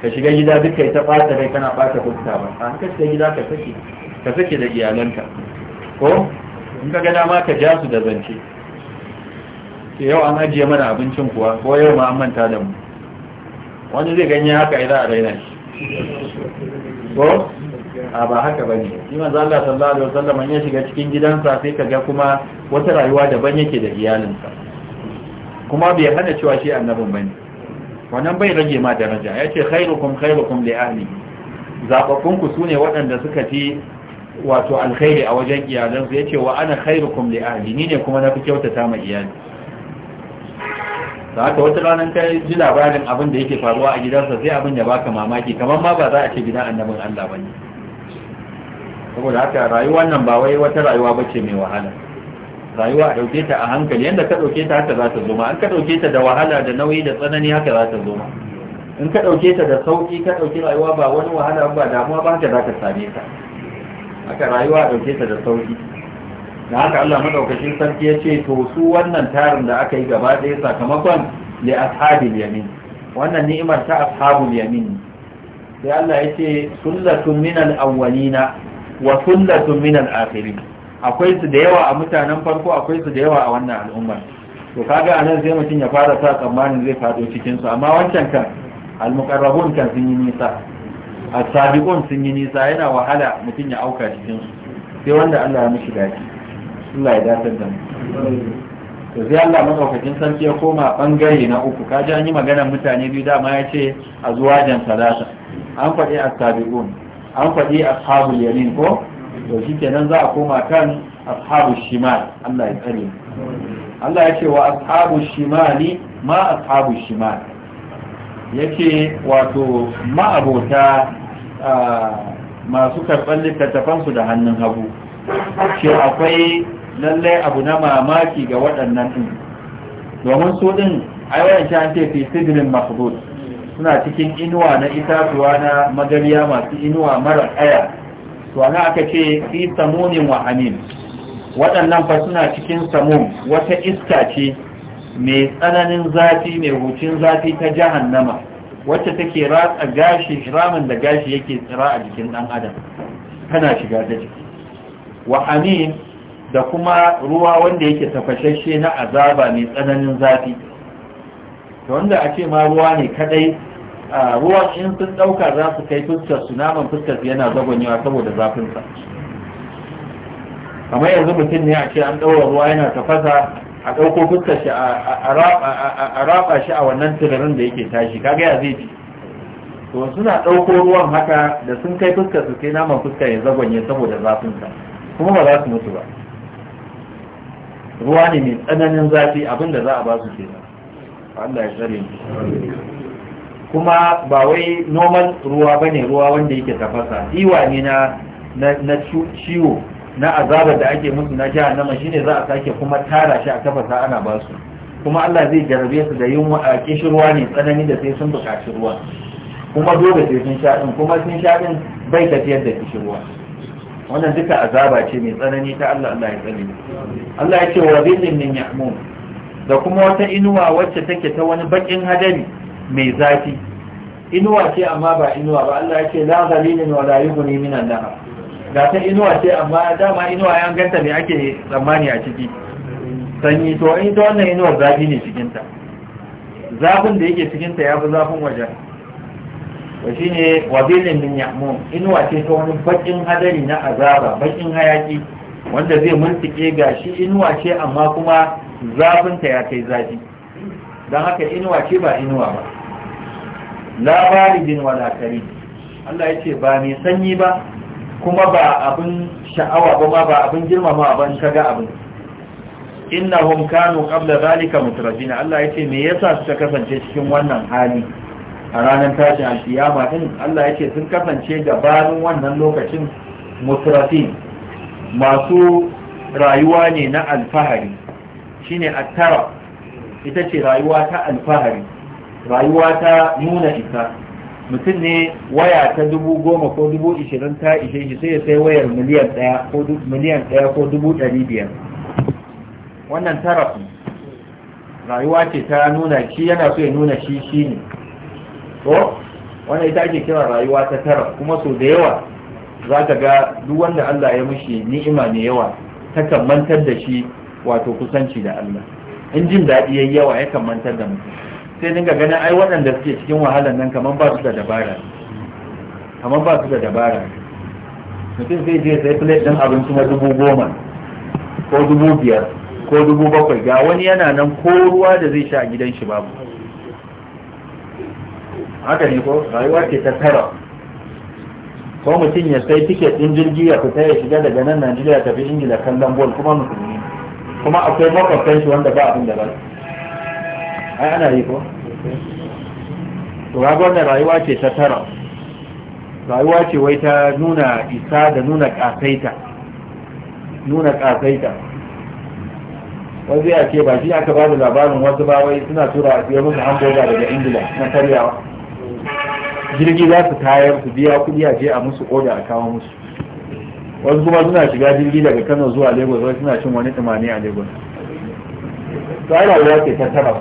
ka shiga gida duk kai ta ɓata rai kana ɓata fuska ba a haka shiga gida ka sake ka sake da iyalanka ko in ka ga dama ka ja su da zance ke yau an ajiye mana abincin kuwa ko yau ma an manta da mu wani zai ganye haka idan a raina shi ko a ba haka bane shi manzo Allah sallallahu alaihi wasallam ya shiga cikin gidansa sai kaga kuma wata rayuwa daban yake da iyalinsa kuma bai hana cewa shi annabin bane wannan bai rage ma daraja yace khairukum khairukum li ahli zababbun ku sune waɗanda suka ci wato alkhairi a wajen iyalansu Ya wa ana khairukum li ahli ni ne kuma na fi kyautata ma iyali da haka wata ranar ka ji labarin abin da yake faruwa a gidansa sai abin da baka mamaki kamar ma ba za a ce gidan annabin Allah bane saboda haka rayuwar nan ba wai wata rayuwa ba ce mai wahala rayuwa a ɗauke ta a hankali yadda ka ɗauke ta haka za ta zo ma an ka ɗauke ta da wahala da nauyi da tsanani haka za ta zo ma in ka ɗauke ta da sauƙi ka ɗauki rayuwa ba wani wahala ba damuwa ba haka za ka same ta haka rayuwa a ɗauke ta da sauƙi da haka Allah maɗaukacin sarki ya ce to su wannan tarin da aka yi gaba ɗaya sakamakon li ashabil yamin wannan ni'imar ta ashabul yamin sai Allah ya ce sullatun minal awwalina wa sullatun minal akhirin akwai su da yawa a mutanen farko akwai su da yawa a wannan al'umma to kaga anan sai mutum ya fara sa tsammanin zai fado cikin su amma wancan kan almuqarrabun kan sun yi nisa as-sabiqun sun yi nisa yana wahala mutum ya auka cikin su sai wanda Allah ya mishi dace Allah ya dace da mu to sai Allah madaukakin sarki ya koma bangare na uku kaji an yi maganar mutane biyu dama ya ce azwajan salasa an faɗi as-sabiqun an faɗi ashabul yamin ko to shi kenan za a koma kan ashabu shimal Allah ya tsare Allah ya ce wa ashabu shimali ma ashabu shimal yace wato ma'abota masu karɓar littattafansu da hannun hagu ce akwai lallai abu na mamaki ga waɗannan ɗin domin su ɗin aiwayan shi an ce fi suna cikin inuwa na itatuwa na magariya masu inuwa mara ƙaya to ana aka ce fi samunin wa amin waɗannan fa suna cikin samun wata iska ce mai tsananin zafi mai hucin zafi ta jahannama wacce take ratsa gashi ramin da gashi yake tsira a jikin ɗan adam tana shiga da jiki wa amin da kuma ruwa wanda yake tafashashe na azaba mai tsananin zafi wanda a ce ma ruwa ne kadai Ruwa in sun ɗauka za su kai fuskar su naman fuskar su yana zagonyewa saboda zafin sa kamar yanzu mutum ne a ce an ɗaura ruwa yana tafasa a ɗauko fuskar shi a raba shi a wannan tirarin da yake tashi kaga ya zai to suna ɗauko ruwan haka da sun kai fuskar su sai naman fuskar ya zagonye saboda zafin sa kuma ba za su mutu ba ruwa ne mai tsananin zafi abinda za a ba su kenan Allah ya tsare mu kuma ba wai normal ruwa bane ruwa wanda yake tafasa iwa ne na na ciwo na azabar da ake musu na jahannama shine za a sake kuma tara shi a tafasa ana ba su kuma Allah zai jarabe su da yin a kishirwa ne tsanani da sai sun buƙaci ruwa kuma dole sai sun sha kuma sun sha din bai tafiyar da kishirwa wannan duka azaba ce mai tsanani ta Allah Allah ya tsani. Allah ya ce wa zillin min ya'mun da kuma wata inuwa wacce take ta wani bakin hadari mai zafi inuwa ce amma ba inuwa ba Allah ya ce la zalilin wa la yughni min an-nar ga ta inuwa ce amma dama inuwa ya ganta me ake tsammani a ciki sanyi to in ta wannan inuwar zafi ne cikin ta zafin da yake cikin ta yafi zafin wajen wa shine wabilin min ya'mun inuwa ce ta wani bakin hadari na azaba bakin hayaki wanda zai murtike gashi inuwa ce amma kuma zafin ta ya kai zafi don haka inuwa ce ba inuwa ba la baridin wala karim Allah ya ce ba mai sanyi ba kuma ba abin sha'awa ba ma ba abin girmama ba in kaga abin innahum kanu qabla zalika mutrafina Allah ya ce me yasa suka kasance cikin wannan hali a ranar tashin alkiyama din Allah ya ce sun kasance gabanin wannan lokacin mutrafin masu rayuwa ne na alfahari shine attara ita ce rayuwa ta alfahari rayuwa ta nuna isa mutum ne waya ta dubu goma ko dubu ishirin ta ishe shi sai ya sai wayar miliyan ɗaya ko miliyan ko dubu ɗari biyar wannan tarafi rayuwa ce ta nuna shi yana so ya nuna shi shi ne ko wannan ita ake kira rayuwa ta taraf kuma sau da yawa za ka ga duk wanda Allah ya mushi ni'ima mai yawa ta kan da shi wato kusanci da Allah in jin daɗi yayi yawa ya kan mantar da mutum sai dinga ganin ai waɗanda suke cikin wahalan nan kamar ba su da dabara kamar ba su da dabara mutum zai je sai filet ɗin abinci na dubu goma ko dubu biyar ko dubu bakwai ga wani yana nan ko ruwa da zai sha a gidan shi babu haka ne ko rayuwa ce ta tara ko mutum ya sai tiket ɗin jirgi ya fita ya shiga daga nan najeriya tafi ingila kallon bol kuma musulmi kuma akwai makwabtan shi wanda ba abin da ba su ai ana yi ko to ga wannan rayuwa ce ta tara rayuwa ce wai ta nuna isa da nuna kasaita nuna kasaita wanzu ya ce ba shi aka ba da labarin wasu ba wai suna tura a siya musu hamburger daga ingila na karyawa jirgi za su tayar su biya kudi a je a musu oda a kawo musu wasu kuma suna shiga jirgi daga kano zuwa lagos wai suna cin wani tumani a lagos to ai rayuwa ce ta tara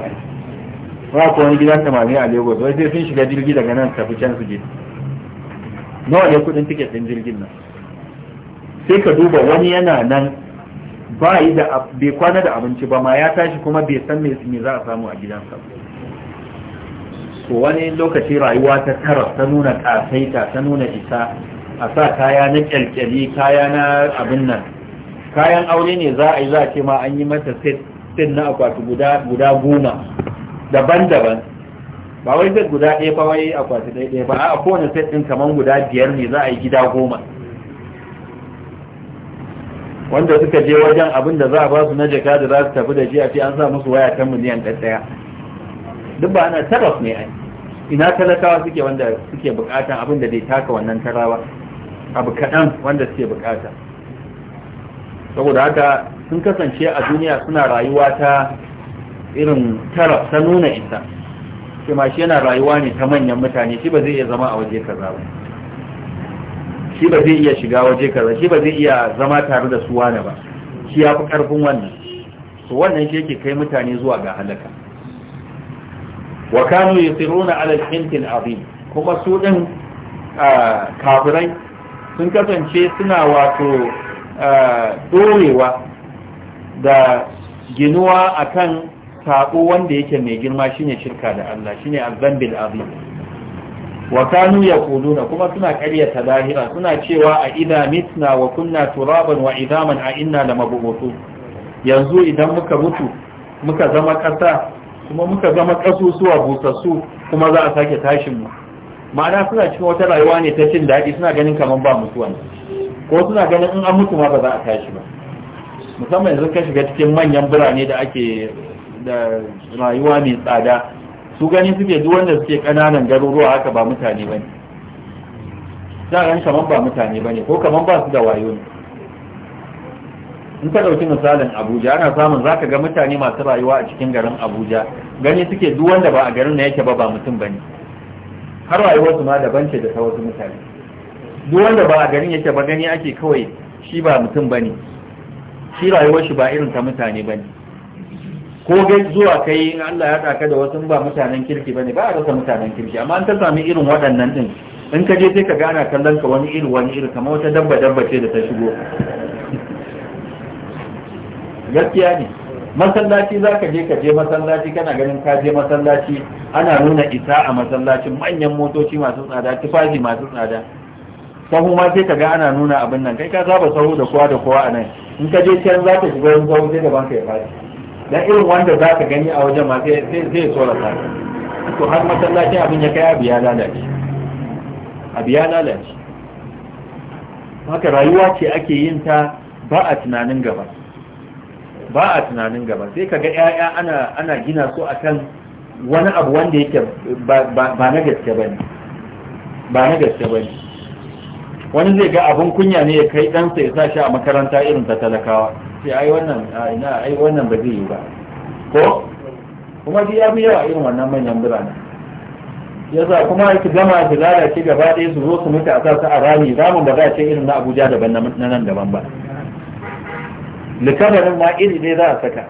ba ko wani gidan tamani a lagos wai sai sun shiga jirgi daga nan tafi can su je nawa ne kudin tiket din jirgin nan sai ka duba wani yana nan ba yi da bai kwana da abinci ba ma ya tashi kuma bai san me za a samu a gidansa to wani lokaci rayuwa ta tara ta nuna kasaita ta nuna isa a sa kaya na kyalkyali kaya na abin nan kayan aure ne za a yi za a ce ma an yi mata set na akwati guda goma daban-daban ba wai zai guda ɗaya ba wai akwati ɗaya ɗaya ba a kowane set ɗin kamar guda biyar ne za a yi gida goma wanda suka je wajen abin da za a ba su na jaka da za su tafi da shi a ce an sa musu waya ta miliyan ɗaya duk ba ana taraf ne a ina talakawa suke wanda suke bukatan abin da zai taka wannan tarawa abu kaɗan wanda suke bukata saboda haka sun kasance a duniya suna rayuwa ta irin tara ta nuna isa shi ma shi yana rayuwa ne ta manyan mutane shi ba zai iya zama a waje kaza ba shi ba zai iya shiga waje kaza shi ba zai iya zama tare da su wani ba shi ya fi karfin wannan to wannan shi yake kai mutane zuwa ga halaka wa kanu yusiruna tsiro na hintil abin, kuma su ɗin kafirai sun kasance suna wato dorewa da ginuwa akan sako wanda yake mai girma shine shirka da Allah shine azambil azim wa kanu yaquluna kuma suna ta zahira suna cewa a idza mitna wa kunna turaban wa idaman a inna lamabutu yanzu idan muka mutu muka zama ƙasa kuma muka zama ƙasusuwa busassu kuma za a sake tashin mu ma'ana suna cikin wata rayuwa ne ta cin daɗi suna ganin kamar ba mutuwa ne ko suna ganin in an mutu ma ba za a tashi ba musamman yanzu ka shiga cikin manyan birane da ake da rayuwa mai tsada su gani suke duk wanda suke ƙananan garuruwa haka ba mutane bane za a kamar ba mutane bane ko kamar ba su da wayo ne in ka ɗauki misalin abuja ana samun za ka ga mutane masu rayuwa a cikin garin abuja gani suke duk wanda ba a garin na yake ba ba mutum bane har rayuwarsu ma daban ce da ta wasu mutane duk wanda ba a garin yake ba gani ake kawai shi ba mutum bane shi rayuwar shi ba irin ta mutane bane ko gai zuwa kai in Allah ya haɗa ka da wasu ba mutanen kirki bane ba a rasa mutanen kirki amma an ta sami irin waɗannan din in ka je sai ka gana kallon ka wani iri wani iri kamar wata dabba dabba ce da ta shigo gaskiya ne masallaci za ka je ka je masallaci kana ganin ka je masallaci ana nuna isa a masallacin manyan motoci masu tsada tufafi masu tsada sahu ma sai ka ga ana nuna abin nan kai ka saba sahu da kowa da kowa a nan in ka je can za ka shiga wani sahu sai gaban ka ya fadi? da irin wanda za ka gani a wajen ma sai sai tsorata to har masallaci abin ya kai abu ya lalace abu ya lalace haka rayuwa ce ake yin ta ba a tunanin gaba ba a tunanin gaba sai kaga ga ana ana gina su kan wani abu wanda yake ba na gaske ne ba na gaske ne wani zai ga abin kunya ne ya kai ɗansa ya sa shi a makaranta irin ta talakawa sai ai wannan yi ba ko kuma ya yasa kuma ki gama ki gaba ɗaya su zo mutu a sa a rami ba za ba likabarin iri a saka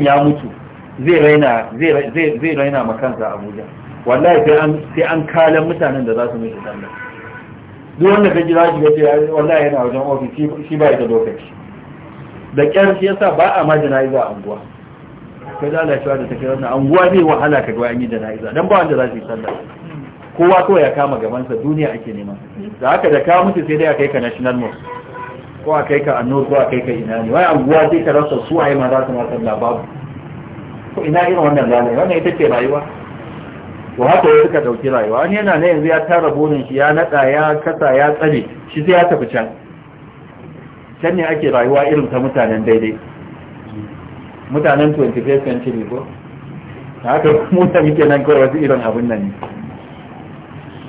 ya mutu zai raina wallahi sai an kalan mutanen da za su mutu sannan duk wanda ka jira shi gace wallahi yana wajen ofis shi ba ita lokaci da kyan shi yasa ba a ma jana'iza anguwa kai lalacewa da take wannan anguwa ne wahala ka ga an yi jana'iza dan ba wanda za su yi sallah kowa kawai ya kama gabansa duniya ake nema da haka da ka mutu sai dai a kai ka national mosque ko a kai ka anno ko a kai ka ina ne wai anguwa sai ka rasa su a yi ma za su ma sallah babu ko ina irin wannan lalai wannan ita ce rayuwa to haka ya suka dauki rayuwa wani yana na yanzu ya tara burin shi ya nada ya kasa ya tsare shi sai ya tafi can can ne ake rayuwa irin ta mutanen daidai mutanen 21st century ko haka mutane muke nan kawai wasu irin abin nan ne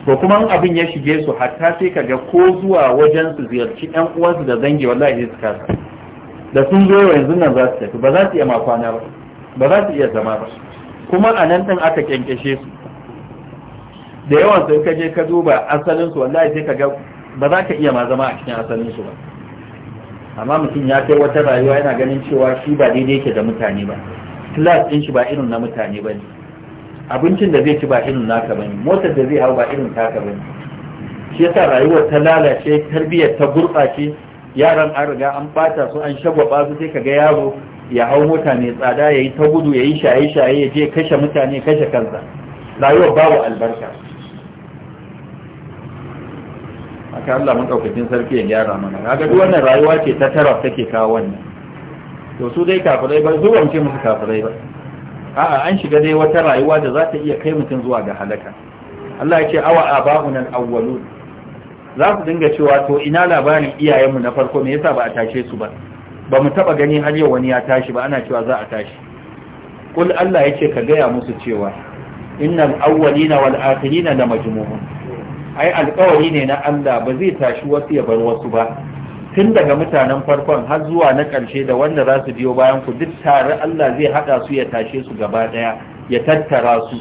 ko kuma abin ya shige su hatta sai kaga ko zuwa wajen su ziyarci ɗan uwansu da zangi wallahi su kasa da sun zo yanzu nan za su tafi ba za su iya makwana ba ba za su iya zama ba kuma a nan ɗin aka kyankyashe su da yawan sun kaje ka duba asalin su wallahi sai ka ga ba za ka iya ma zama a cikin asalin su ba amma mutum ya kai wata rayuwa yana ganin cewa shi ba daidai yake da mutane ba class din shi ba irin na mutane ba ne abincin da zai ci ba irin naka ba ne motar da zai hau ba irin taka ba ne shi yasa rayuwar ta lalace tarbiyyar ta gurɓace yaran an riga an bata su an shagwaba su sai ka ga yaro ya hau mota mai tsada ya yi ta gudu ya yi shaye-shaye ya je kashe mutane kashe kansa rayuwar babu albarka aka Allah mun ɗaukacin sarki ya gyara mana kaga duk wannan rayuwa ce ta tara take kawo wannan to su dai kafirai ba zuwa wuce musu kafirai ba a'a an shiga dai wata rayuwa da za ta iya kai mutum zuwa ga halaka Allah ya ce awa aba'una alawwalun za su dinga cewa to ina labarin iyayenmu na farko me yasa ba a tashe su ba ba mu taba gani har yau wani ya tashi ba ana cewa za a tashi kul Allah ya ce ka gaya musu cewa innal awwalina wal akhirina la majmu'un ai alƙawari ne na Allah ba zai tashi wasu ya bar wasu ba tun daga mutanen farkon har zuwa na ƙarshe da wanda za su biyo bayan ku duk tare Allah zai haɗa su ya tashe su gaba ɗaya ya tattara su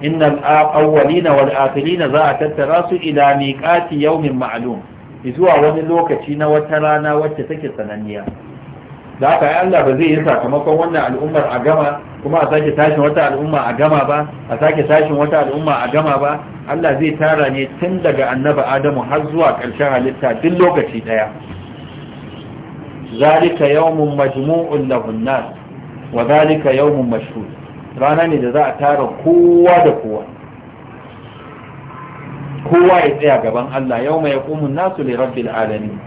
innal awwalina wal akhirina za a tattara su ila miqati yawmin ma'lum zuwa wani lokaci na wata rana wacce take sananniya da aka yi Allah ba zai yi sakamakon wannan al'ummar a gama kuma a sake tashin wata al'umma a gama ba a sake tashin wata al'umma a gama ba Allah zai tara ne tun daga annabi Adamu har zuwa ƙarshen halitta duk lokaci ɗaya zalika yawmun majmu'un lahun nas wa zalika yawmun mashhud rana ne da za a tara kowa da kowa kowa ya tsaya gaban Allah yawma yaqumun nasu li rabbil alamin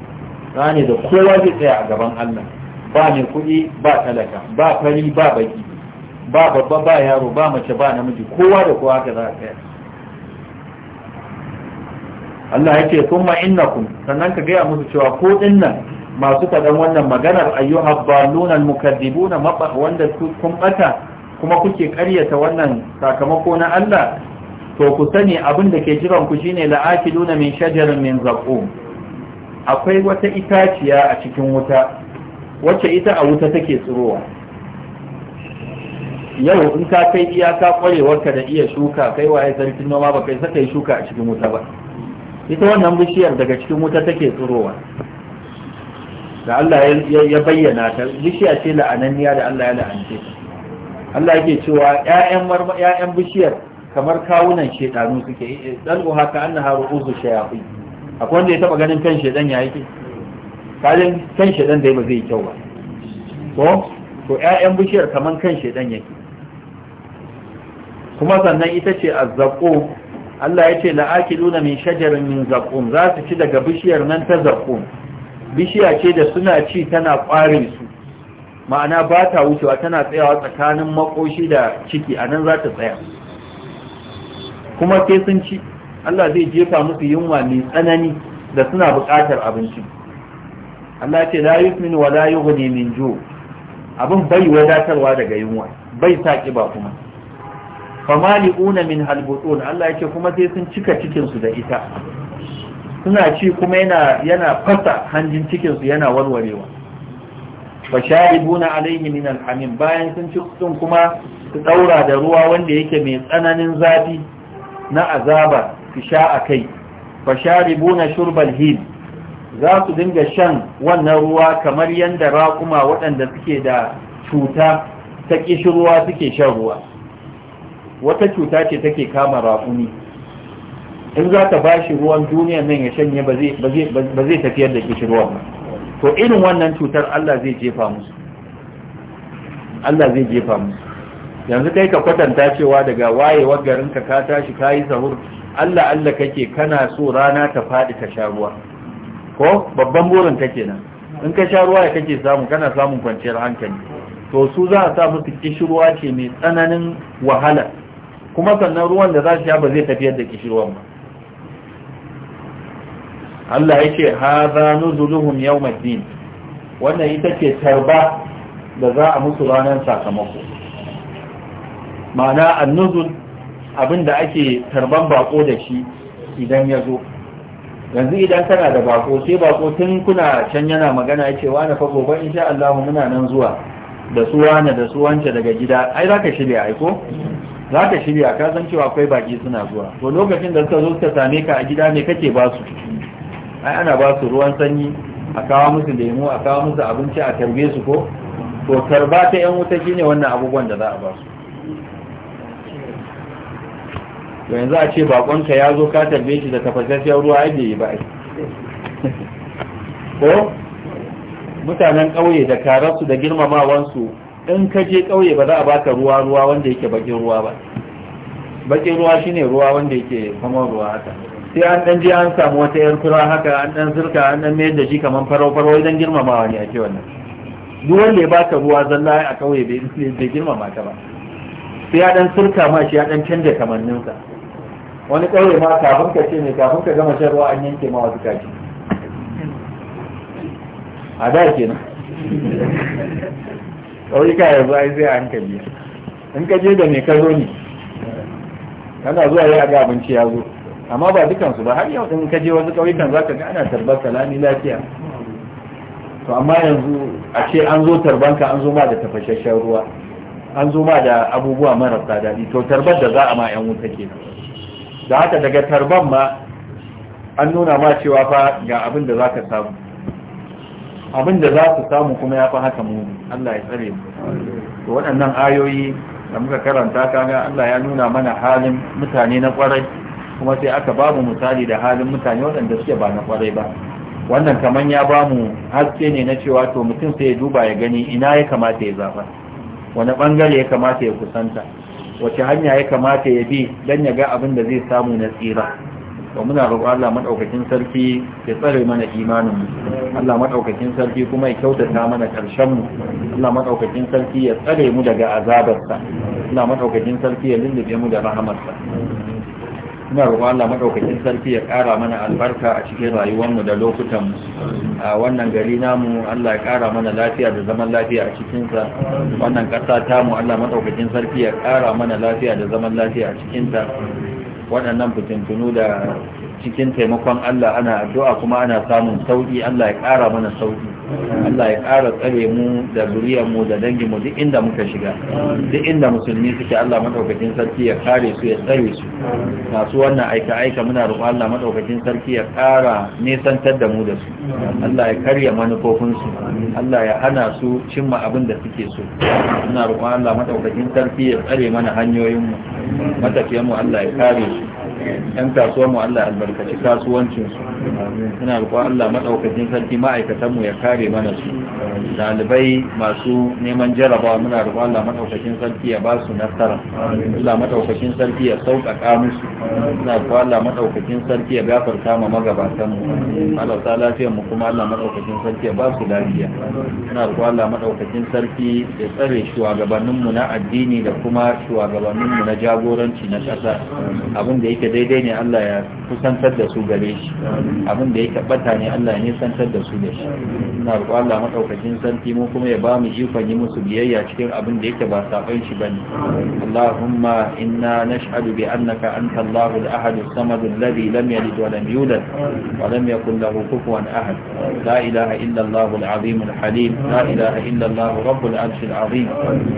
rana ne da kowa zai tsaya a gaban Allah ba mai kuɗi ba talaka ba fari ba baki ba babba ba yaro ba mace ba namiji kowa da kowa haka za a yi Allah ya ce kuma innakum sannan ka gaya musu cewa ko nan masu faɗan wannan maganar ayyuha baluna almukaddibuna wanda kun bata kuma kuke ƙaryata wannan sakamako na Allah to ku sani abin da ke jiran ku shine la'akiluna min shajarin min zaqum akwai wata itaciya a cikin wuta wacce ita a wuta take tsirowa yau in ka kai iyaka kwarewarka da iya shuka kai waye sarkin noma ba kai saka yi shuka a cikin wuta ba ita wannan bishiyar daga cikin wuta take tsirowa da Allah ya bayyana ta bishiya ce la'ananniya da Allah ya la'ance ta Allah yake cewa ‘ya'yan bishiyar kamar kawunan shedanu suke ɗal'uha ka annaha ru'uzu shayafi akwai wanda ya taba ganin kan shedan ya yake kajin kan shedan da ba zai kyau ba ko to ƴaƴan bishiyar kaman kan shedan yake kuma sannan ita ce azzaqu Allah ya ce la'akiluna min shajarin min zaqum za su ci daga bishiyar nan ta zaqum bishiya ce da suna ci tana ƙware su ma'ana ba ta wucewa tana tsayawa tsakanin makoshi da ciki a nan za ta tsaya kuma sai sun ci Allah zai jefa musu yunwa mai tsanani da suna buƙatar abinci Allah ce la yusmin wa la yughni min ju abin bai wadatarwa daga yunwa bai sa kiba kuma famali'una min halbutun Allah yake kuma sai sun cika cikin su da ita suna ci kuma yana yana fasa hanjin cikin su yana warwarewa fasharibuna alayhi min alhamim bayan sun ci sun kuma su daura da ruwa wanda yake mai tsananin zafi na azaba su sha akai na shurbal hil za su dinga shan wannan ruwa kamar yadda raƙuma waɗanda suke da cuta ta ƙishirwa suke shan ruwa wata cuta ce take kama raƙumi in za ta bashi ruwan duniya nan ya shanye ba zai tafiyar da ƙishirwa ba to irin wannan cutar Allah zai jefa musu Allah zai jefa musu yanzu kai ka kwatanta cewa daga wayewar garinka ka tashi ka yi sahur Allah Allah kake kana so rana ta faɗi ka sha ruwa ko babban burin ka nan, in ka sha ruwa ya kake samu kana samun kwanciyar hankali to su za a sa musu kishirwa ce mai tsananin wahala kuma sannan ruwan da za su sha ba zai tafiyar da kishirwan ba Allah ya ce haza nuzuluhum yau maddin wannan ita ce tarba da za a musu ranar sakamako ma'ana annuzul abinda ake tarban bako da shi idan ya zo yanzu idan kana da bako sai bako tun kuna can yana magana ya ce na fago gobe insha Allah muna nan zuwa da su wani da su daga gida ai zaka shirya ai ko zaka shirya ka san cewa akwai baki suna zuwa to lokacin da suka zo suka same ka a gida ne kake ba su ai ana ba su ruwan sanyi a kawo musu lemu a kawo musu abinci a tarbe su ko to karba ta yan wuta shine wannan abubuwan da za a ba su to yanzu a ce bakonka ya zo ka tarbe shi da tafasasshiyar ruwa ake yi ba ko mutanen ƙauye da kararsu da girmamawansu in ka je ƙauye ba za a baka ruwa ruwa wanda yake bakin ruwa ba bakin ruwa shine ruwa wanda yake kamar ruwa haka sai an dan je an samu wata yar kura haka an dan zirka an dan mayar da shi kamar farau farau idan girmamawa ne a ake wannan duk wanda ya baka ruwa zalla a ƙauye bai girmama ka ba sai ya dan surka ma shi ya dan canja kamanninsa wani ƙauye ma kafin ka ce ne kafin ka gama shan ruwa an yanke ma wasu kaki a da nan. ƙauyuka yanzu zai zai a hankali in ka je da me ka zo ne kana zuwa ya ga abinci ya zo amma ba dukansu ba har yau in ka je wasu ƙauyukan za ka ga ana tarbar salami lafiya to amma yanzu a ce an zo tarbanka an zo ma da tafashashen ruwa an zo ma da abubuwa marasa daɗi to tarbar da za a ma 'yan wuta kenan da haka daga tarban ma an nuna ma cewa fa ga abin da za ka samu abin da za su samu kuma ya fi haka mu Allah ya tsare mu to waɗannan ayoyi da muka karanta kaga Allah ya nuna mana halin mutane na kwarai kuma sai aka bamu misali da halin mutane waɗanda suke ba na kwarai ba wannan kamar ya bamu haske ne na cewa to mutum sai ya duba ya gani ina ya kamata ya zaba wani ɓangare ya kamata ya kusanta wace hanya ya kamata ya bi don ya ga abin da zai samu na tsira wa muna roƙo Allah maɗaukakin sarki ya tsare mana imanin Allah maɗaukakin sarki kuma ya kyautata mana ƙarshenmu. mu Allah sarki ya tsare mu daga azabarsa Allah maɗaukakin sarki ya lullube mu da rahamarsa suna roƙon Allah maɗaukakin sarki ya ƙara mana albarka a cikin rayuwarmu da lokutan a wannan gari namu Allah ya ƙara mana lafiya da zaman lafiya a cikinsa wannan ƙasa tamu Allah maɗaukakin sarki ya ƙara mana lafiya da zaman lafiya a cikinta. waɗannan fitintunu da cikin taimakon Allah ana addu'a kuma ana samun sauƙi Allah ya ƙara mana sauƙi Allah ya ƙara tsare mu da zuriyarmu da danginmu duk inda muka shiga duk inda musulmi suke Allah maɗaukakin sarki ya kare su ya tsare su masu wannan aika-aika muna roƙon Allah maɗaukakin sarki ya ƙara nesantar da mu da su Allah ya karya manufofinsu Allah ya hana su cimma abin da suke so ina roƙon Allah madaukakin sarki ya tsare mana hanyoyinmu matafiyanmu Allah ya kare su yan kasuwanmu mu Allah albarkaci kasuwancin su muna roƙon Allah maɗaukacin sarki ma'aikatan mu ya kare mana su dalibai masu neman jaraba muna roƙon Allah maɗaukacin sarki ya ba su nasara Allah maɗaukacin sarki ya sauƙaƙa musu muna roƙon Allah maɗaukacin sarki ya gafarta ma magabatan mu Allah ta lafiyar mu kuma Allah maɗaukacin sarki ya ba su lafiya muna roƙon Allah maɗaukacin sarki ya tsare shugabanninmu na addini da kuma shugabanninmu na jagoranci na ƙasa abin da yake daidai ne Allah ya kusantar da su gare shi abin da ya tabbata ne Allah ya nisantar da su da shi ina roƙo Allah madaukakin sarki mu kuma ya ba mu ikon yi musu biyayya cikin abin da yake ba saban shi bane Allahumma inna nashhadu bi annaka anta Allahu al-ahad as-samad alladhi lam yalid wa lam yulad wa lam yakul lahu kufuwan ahad la ilaha illa Allah al-azim al-halim la ilaha illa Allah rabb al-arsh al-azim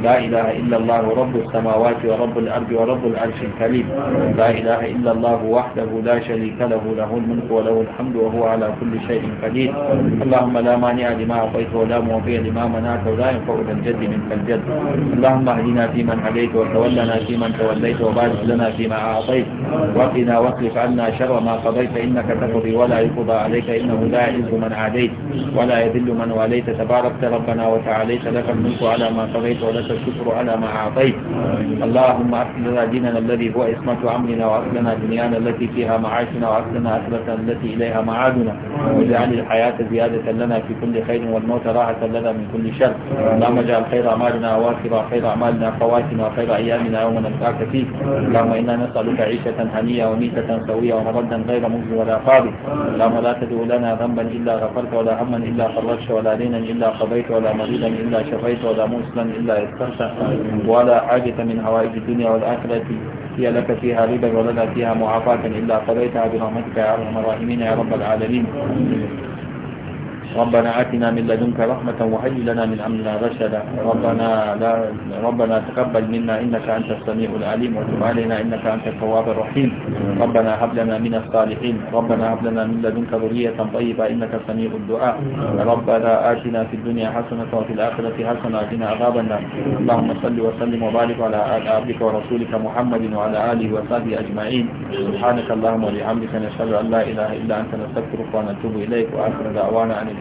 la ilaha illa Allah rabb as-samawati wa rabb al-ardi wa rabb al-arsh al-karim la ilaha illa إلا الله وحده لا شريك له له الملك وله الحمد وهو على كل شيء قدير اللهم لا مانع لما أعطيت ولا موفي لما منعت ولا ينفع ذا الجد منك الجد اللهم اهدنا فيمن هديت وتولنا فيمن توليت وبارك لنا فيما أعطيت وقنا واصرف عنا شر ما قضيت إنك تقضي ولا يقضى عليك إنه لا يعز من عاديت ولا يذل من واليت تباركت ربنا وتعاليت لك الملك على ما قضيت ولك الشكر على ما أعطيت اللهم أصل لنا ديننا الذي هو إسمة أمرنا لنا دنيانا التي فيها معاشنا وعقلنا أثبتا التي إليها معادنا واجعل الحياة زيادة لنا في كل خير والموت راحة لنا من كل شر اللهم اجعل خير أعمالنا واخر خير أعمالنا خواتنا خير أيامنا يوم نلقاك فيه اللهم إنا نسألك عيشة هنية وميتة سوية ومردا غير مجز ولا فاضي اللهم لا تدعو لنا ذنبا إلا غفرت ولا هما إلا فرجت ولا دينا إلا قضيت ولا مريضا إلا شفيت ولا موسلا إلا يسرت ولا حاجة من هوائج الدنيا والآخرة هي لك فيها ربا ولنا فيها معافاة إلا قضيتها برحمتك يا أرحم الراحمين يا رب العالمين ربنا آتنا من لدنك رحمة وهيئ لنا من أمرنا رشدا ربنا لا ربنا تقبل منا إنك أنت السميع العليم وتب علينا إنك أنت التواب الرحيم ربنا هب لنا من الصالحين ربنا هب لنا من لدنك ذرية طيبة إنك سميع الدعاء ربنا آتنا في الدنيا حسنة وفي الآخرة حسنة وقنا عذاب النار اللهم صل وسلم وبارك على آل عبدك ورسولك محمد وعلى آله وصحبه أجمعين سبحانك اللهم وبحمدك نشهد أن لا إله إلا أنت نستغفرك ونتوب إليك وآخر دعوانا أن